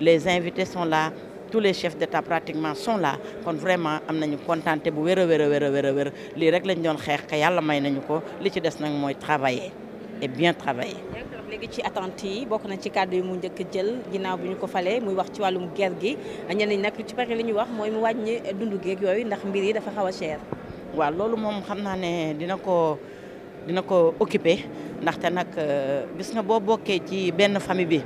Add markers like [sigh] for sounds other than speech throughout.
les invités son là tous les chefs d'État pratiquement sont là kon vraiment am nañu contenté bu wér a wér a wér wér lii rek lañ doon xeex ka yàlla may nañu ko li ci des nag mooy travailler et bien travailler. léegi ci attente yi bokk na ci kàddu yi mu njëkk jël ginnaaw bu ñu ko falee muy wax ci wàllum ger gi ñenn ñi nag li ci bari li ñuy wax mooy mu wàññi dundu geeg yooyu ndax mbir yi dafa xaw a cher. waa loolu moom xam naa ne dina ko dina ko occuper ndaxte nag euh, gis nga boo bokkee ci benn famille bi.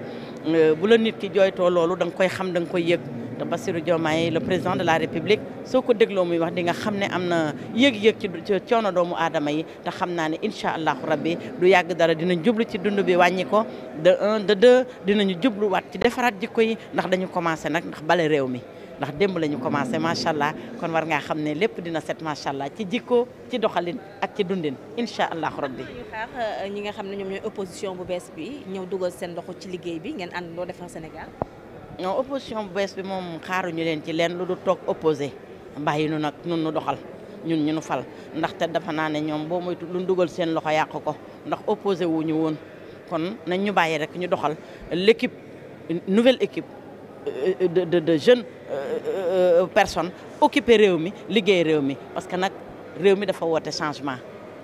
Euh, bu la nit ki jooytoo loolu da nga koy xam da nga koy yëg te Bassirou Diomaye le président de la République soo ko dégloo muy wax di nga xam ne am na yëg-yëg ci coono doomu aadama yi te xam naa ne incha allahu bi du yàgg dara dinañ jublu ci dund bi wàññi ko de un de deux dinañu jubluwaat ci defaraat jikko yi ndax dañu commencé nag ndax bale réew mi ndax demb la ñu commencé macha allah kon war ngaa xam ne lépp dina set macha allah ci jikko ci doxalin ak ci dundin incha allah rabbi euh, ñi nga xam ne ñoom ñooy opposition bu bees bi ñëw dugal seen ci liggéey bi ngeen ànd loo defar Sénégal. non opposition bu bees bi moom xaaruñu leen ci leen lu du toog opposé bàyyi nu nag nun nu doxal ñun ñu nu fal ndaxte dafa naa ne ñoom boo moytu lu dugal seen loxo yàqu ko ndax opposé wu ñu woon kon nañ ñu bàyyi rek ñu doxal l'équipe nouvelle équipe. Euh, de de de jeunes euh, euh, personnes occupé réew mi liggéey réew mi parce que nag réew mi dafa woote changement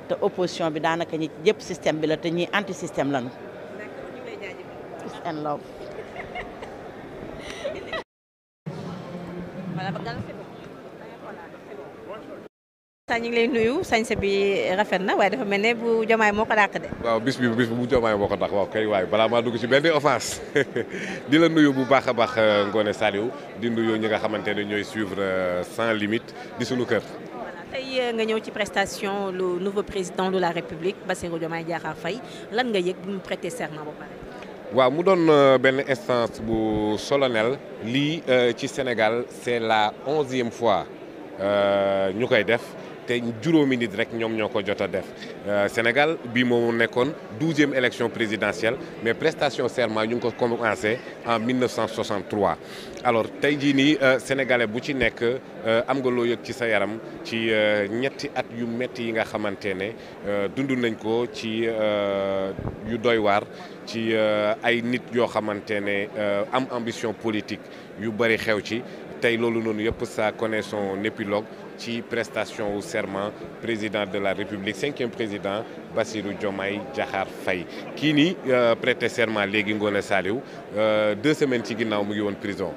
te opposition bi daanaka ñi yëpp système bi la te ñi anti système la and saa ñu ngi lay nuyu sañse bi rafet na waaye dafa mel ne bu jomaay moo ko dàq de. waaw bis bi bu jomaay moo ko dàq waaw kay waaye balaa maa dugg ci benn offense [laughs] di la nuyu bu baax a baax euh, Ngoné Saliou di nuyu ñi nga xamante ne ñooy suivre euh, sans limite di sunu kër. tey euh, nga ñëw ci prestation lu nouveau président de la République Bassirou Diomaye Diakhar Faye lan nga yëg bu mu prêter serment ba pare. waaw mu doon benn instance bu solonel lii ci Sénégal c'est la onzième fois ñu koy def. te juróomi nit rek ñoom ñoo ko jot a def euh, Sénégal bii moo nekkoon douzième élection présidentielle mais prestation serment ñu ngi ko commencé en 1963 alors tey jii nii euh, sénégalais bu ci nekk euh, am nga loo yëg ci sa yaram ci ñetti at yu metti yi nga xamante ne dund nañ ko ci yu doy waar ci ay nit yoo xamante ne am ambition politique yu bëri xew ci tey loolu noonu yëpp ça connaît son épilogue ci prestation wu serment président de la république cinquième président bassiru Diomaye Diakhar fay kii nii euh, prêté serment léegi Ngoone Saliou euh, deux semaines ci ginnaaw mu ngi woon prison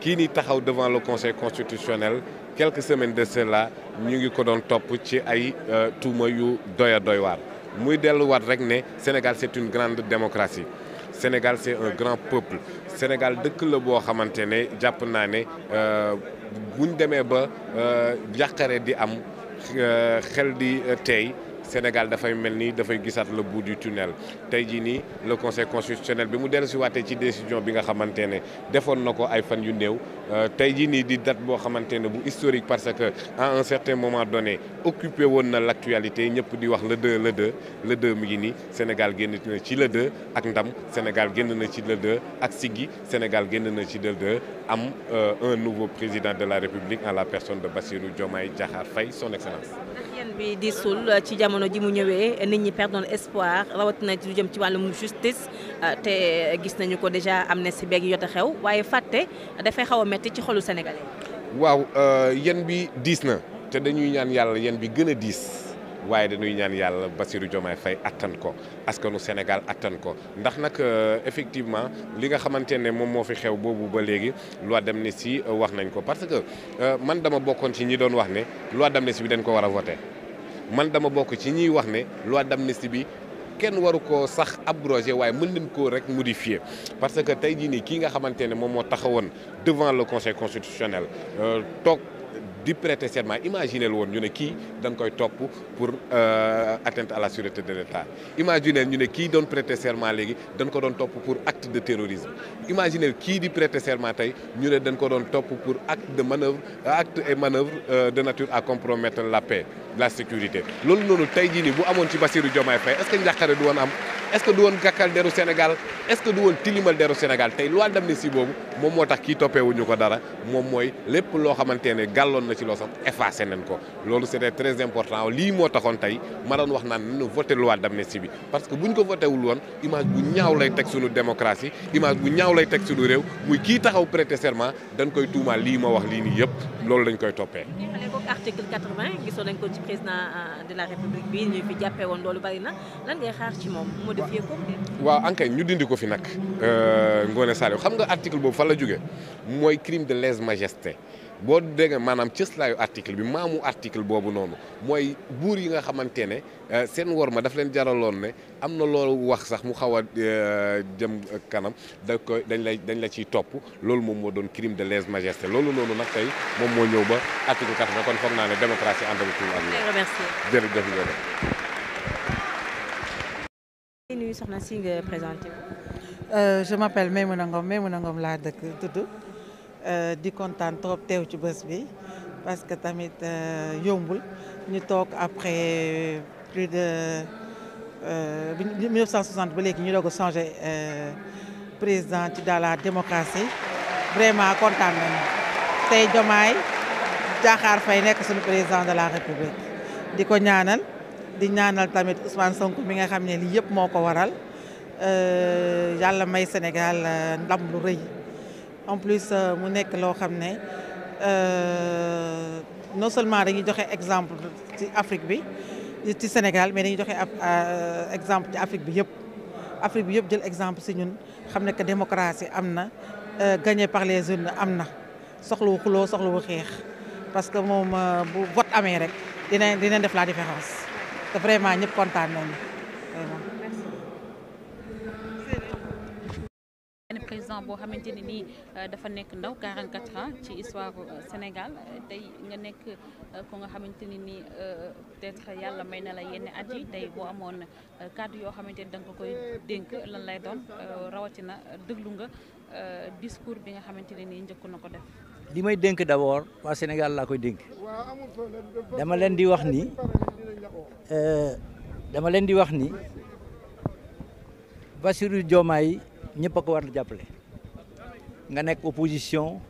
kii nii taxaw devant le conseil constitutionnel quelques semaines de cela ñu ngi ko doon topp ci ay euh, tuuma yu doy a muy delluwaat rek ne Sénégal c'est une grande démocratie Sénégal c'est un grand peuple Sénégal dëkk la boo xamante ne jàpp naa ne euh, buñ demee ba euh, jàqare di am euh, xel di teey Sénégal dafay mel ni dafay gisaat le bout du tunnel tey jii nii le conseil constitutionnel bi mu dellu si waatee ci décision bi nga xamante ne defoon na ko ay fan yu néew euh, tey jii nii di date boo xamante ne bu historique parce que en un certain moment donné occupé woon na l' actualité ñëpp di wax le 2 le 2 le mi ngi nii Sénégal génn na ci le 2 ak ndam Sénégal génn na ci le 2 ak siggi Sénégal génn na ci le 2 am euh, un nouveau président de la République en la personne de Bassirou Diomaye Diakhar Faye son excellence bi di sul ci jamono ji mu ñëwee nit ñi perdon espoir rawatina ci lu jëm ci wàllum justice te gis nañu ko déjà amnistie beeg yot a xew waaye fàtte dafay xaw a metti ci xolu sénégalais. waaw euh, yéen bi diis na te dañuy ñaan yàlla yéen bi gën a diis. waaye dañuy ñaan yàlla Bassirou Diomaye Faye attan ko askanu Sénégal attan ko ndax nag euh, effectivement li nga xamante ne moom moo fi xew boobu ba léegi dem ne si wax nañ ko parce que euh, man dama bokkoon ci ñi doon wax ne loi d'amnistie bi dañ ko war a voter man dama bokk ci ñuy wax ne loi d'amnistie bi kenn waru ko sax abrogé waaye mën nañ koo rek modifié parce que tey jii nii kii nga xamante ne moom moo taxawoon devant le conseil constitutionnel euh, toog di prêter serment imaginez woon ñu ne kii dañ koy topp pour euh, atteinte à la sûreté de l'État imaginez ñu ne kii doon prêter serment léegi dañ ko doon topp pour acte de terrorisme imaginez kii di prêter serment tey ñu ne dañ ko doon topp pour acte de manœuvre acte et manœuvre euh, de nature à compromettre la paix la sécurité loolu noonu tey jii nii bu amoon ci Bassirou Diomaye Faye est-ce que njàqare du woon am est que du woon gàkkal deru Sénégal est-ce que du woon tilimal deru Sénégal tey loi d'amnistie boobu moom moo tax kii toppeewuñu ko dara moom mooy lépp loo xamante ne gàlloon na ci loo sax effacé nañ ko loolu c'était très important lii moo taxoon tey ma doon wax naan nañu voté loi d'amnistie bi parce que buñ ko voté wul woon image bu ñaaw lay teg suñu démocratie image bu ñaaw lay teg suñu réew muy kii taxaw prêter serment dañ koy tuumaal lii ma wax lii nii yëpp loolu lañ koy toppee. président euh, de la république bi ñu fi jàppee woon loolu bari lan ngay xaar ci moom mu modifié ko. waaw ankay ñu dindi ko fi nag. Euh, Ngoné Saliou xam nga article boobu fan la jógee mooy crime de lèse majesté. boo dégg maanaam cëslaayu article bi maamu article boobu noonu mooy buur yi nga xamante ne euh, seen wor ma daf leen jaraloon ne am na loolu wax sax mu xaw a euh, jëm kanam da koy dañ lay dañ la ciy topp loolu moom moo doon crime de lèse-majesté loolu noonu nag tey moom moo ñëw ba article 80 kon foog naa ne démocratie ànd ak tuuti ak jërëjëf Ndeye nuyu soxna si nga présenté. Euh, je m'appelle Maimouna Ngom Maimouna Ngom laa dëkk tudd. Euh, di kontaan trop teew ci bés bi parce que tamit euh, yombul ñu toog après plus de 1960 euh, ba léegi ñu doog a changé président ci dans la démocratie vraiment kontaan nañu tey Diomaye Diakhar fay nekk suñu président de la République di ko ñaanal di ñaanal tamit Ousmane Sonko mi nga xam ne lii yëpp moo ko waral yàlla may Sénégal ndam lu rëy. en plus euh, mu nekk loo xam ne euh, non seulement dañuy joxe exemple ci Afrique bi ci Sénégal mais dañuy joxe euh, exemple ci Afrique bi yëpp Afrique bi yëpp jël exemple si ñun xam ne que démocratie am na gagné par les urnes am na soxlawu xuloo soxlawu xeex parce que moom bu vote amee rek dina dina def la différence te vraiment ñëpp kontaan nañu président boo xamante ne nii euh, dafa nekk ndaw 44 ans ci histoire euh, Sénégal tey nga nekk euh, ko nga xamante ni nii peut-être yàlla may na la yenn at yi tey boo amoon kàddu yoo xamante ni da nga koy dénk lan lay doon rawatina déglu nga discours bi nga xamante ne nii njëkk na ko def. li may dénk d'abord waa Sénégal laa koy dénk dama leen di wax ni dama leen di wax ni Bassirou Diomaye ñëpp a ko war jàppale nga nekk opposition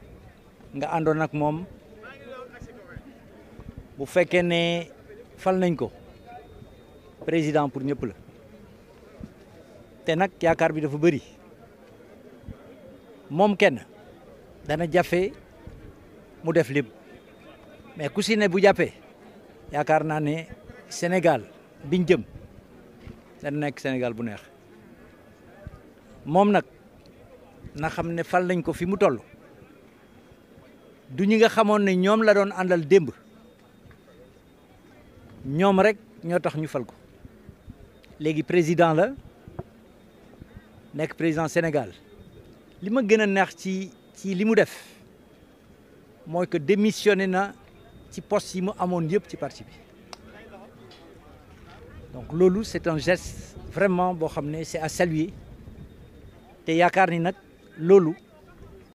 nga àndoon nag moom bu fekkee ne fal nañ ko président pour ñëpp la te nag yaakaar bi dafa bëri moom kenn dana jafe mu def lépp mais ku si bu jàppee yaakaar naa ne Sénégal biñ jëm dana nekk Sénégal bu neex moom nag na xam ne fal nañ ko fi mu toll du ñi nga xamoon ne ñoom la doon àndal démb ñoom rek ñoo tax ñu fal ko léegi président la nekk président Sénégal li ma gën a neex ci ci li mu def mooy que démissionné na ci poste yi mu amoon yëpp ci parti bi donc loolu c'est un geste vraiment boo xam ne c'est à saluer te yaakaar ni nag loolu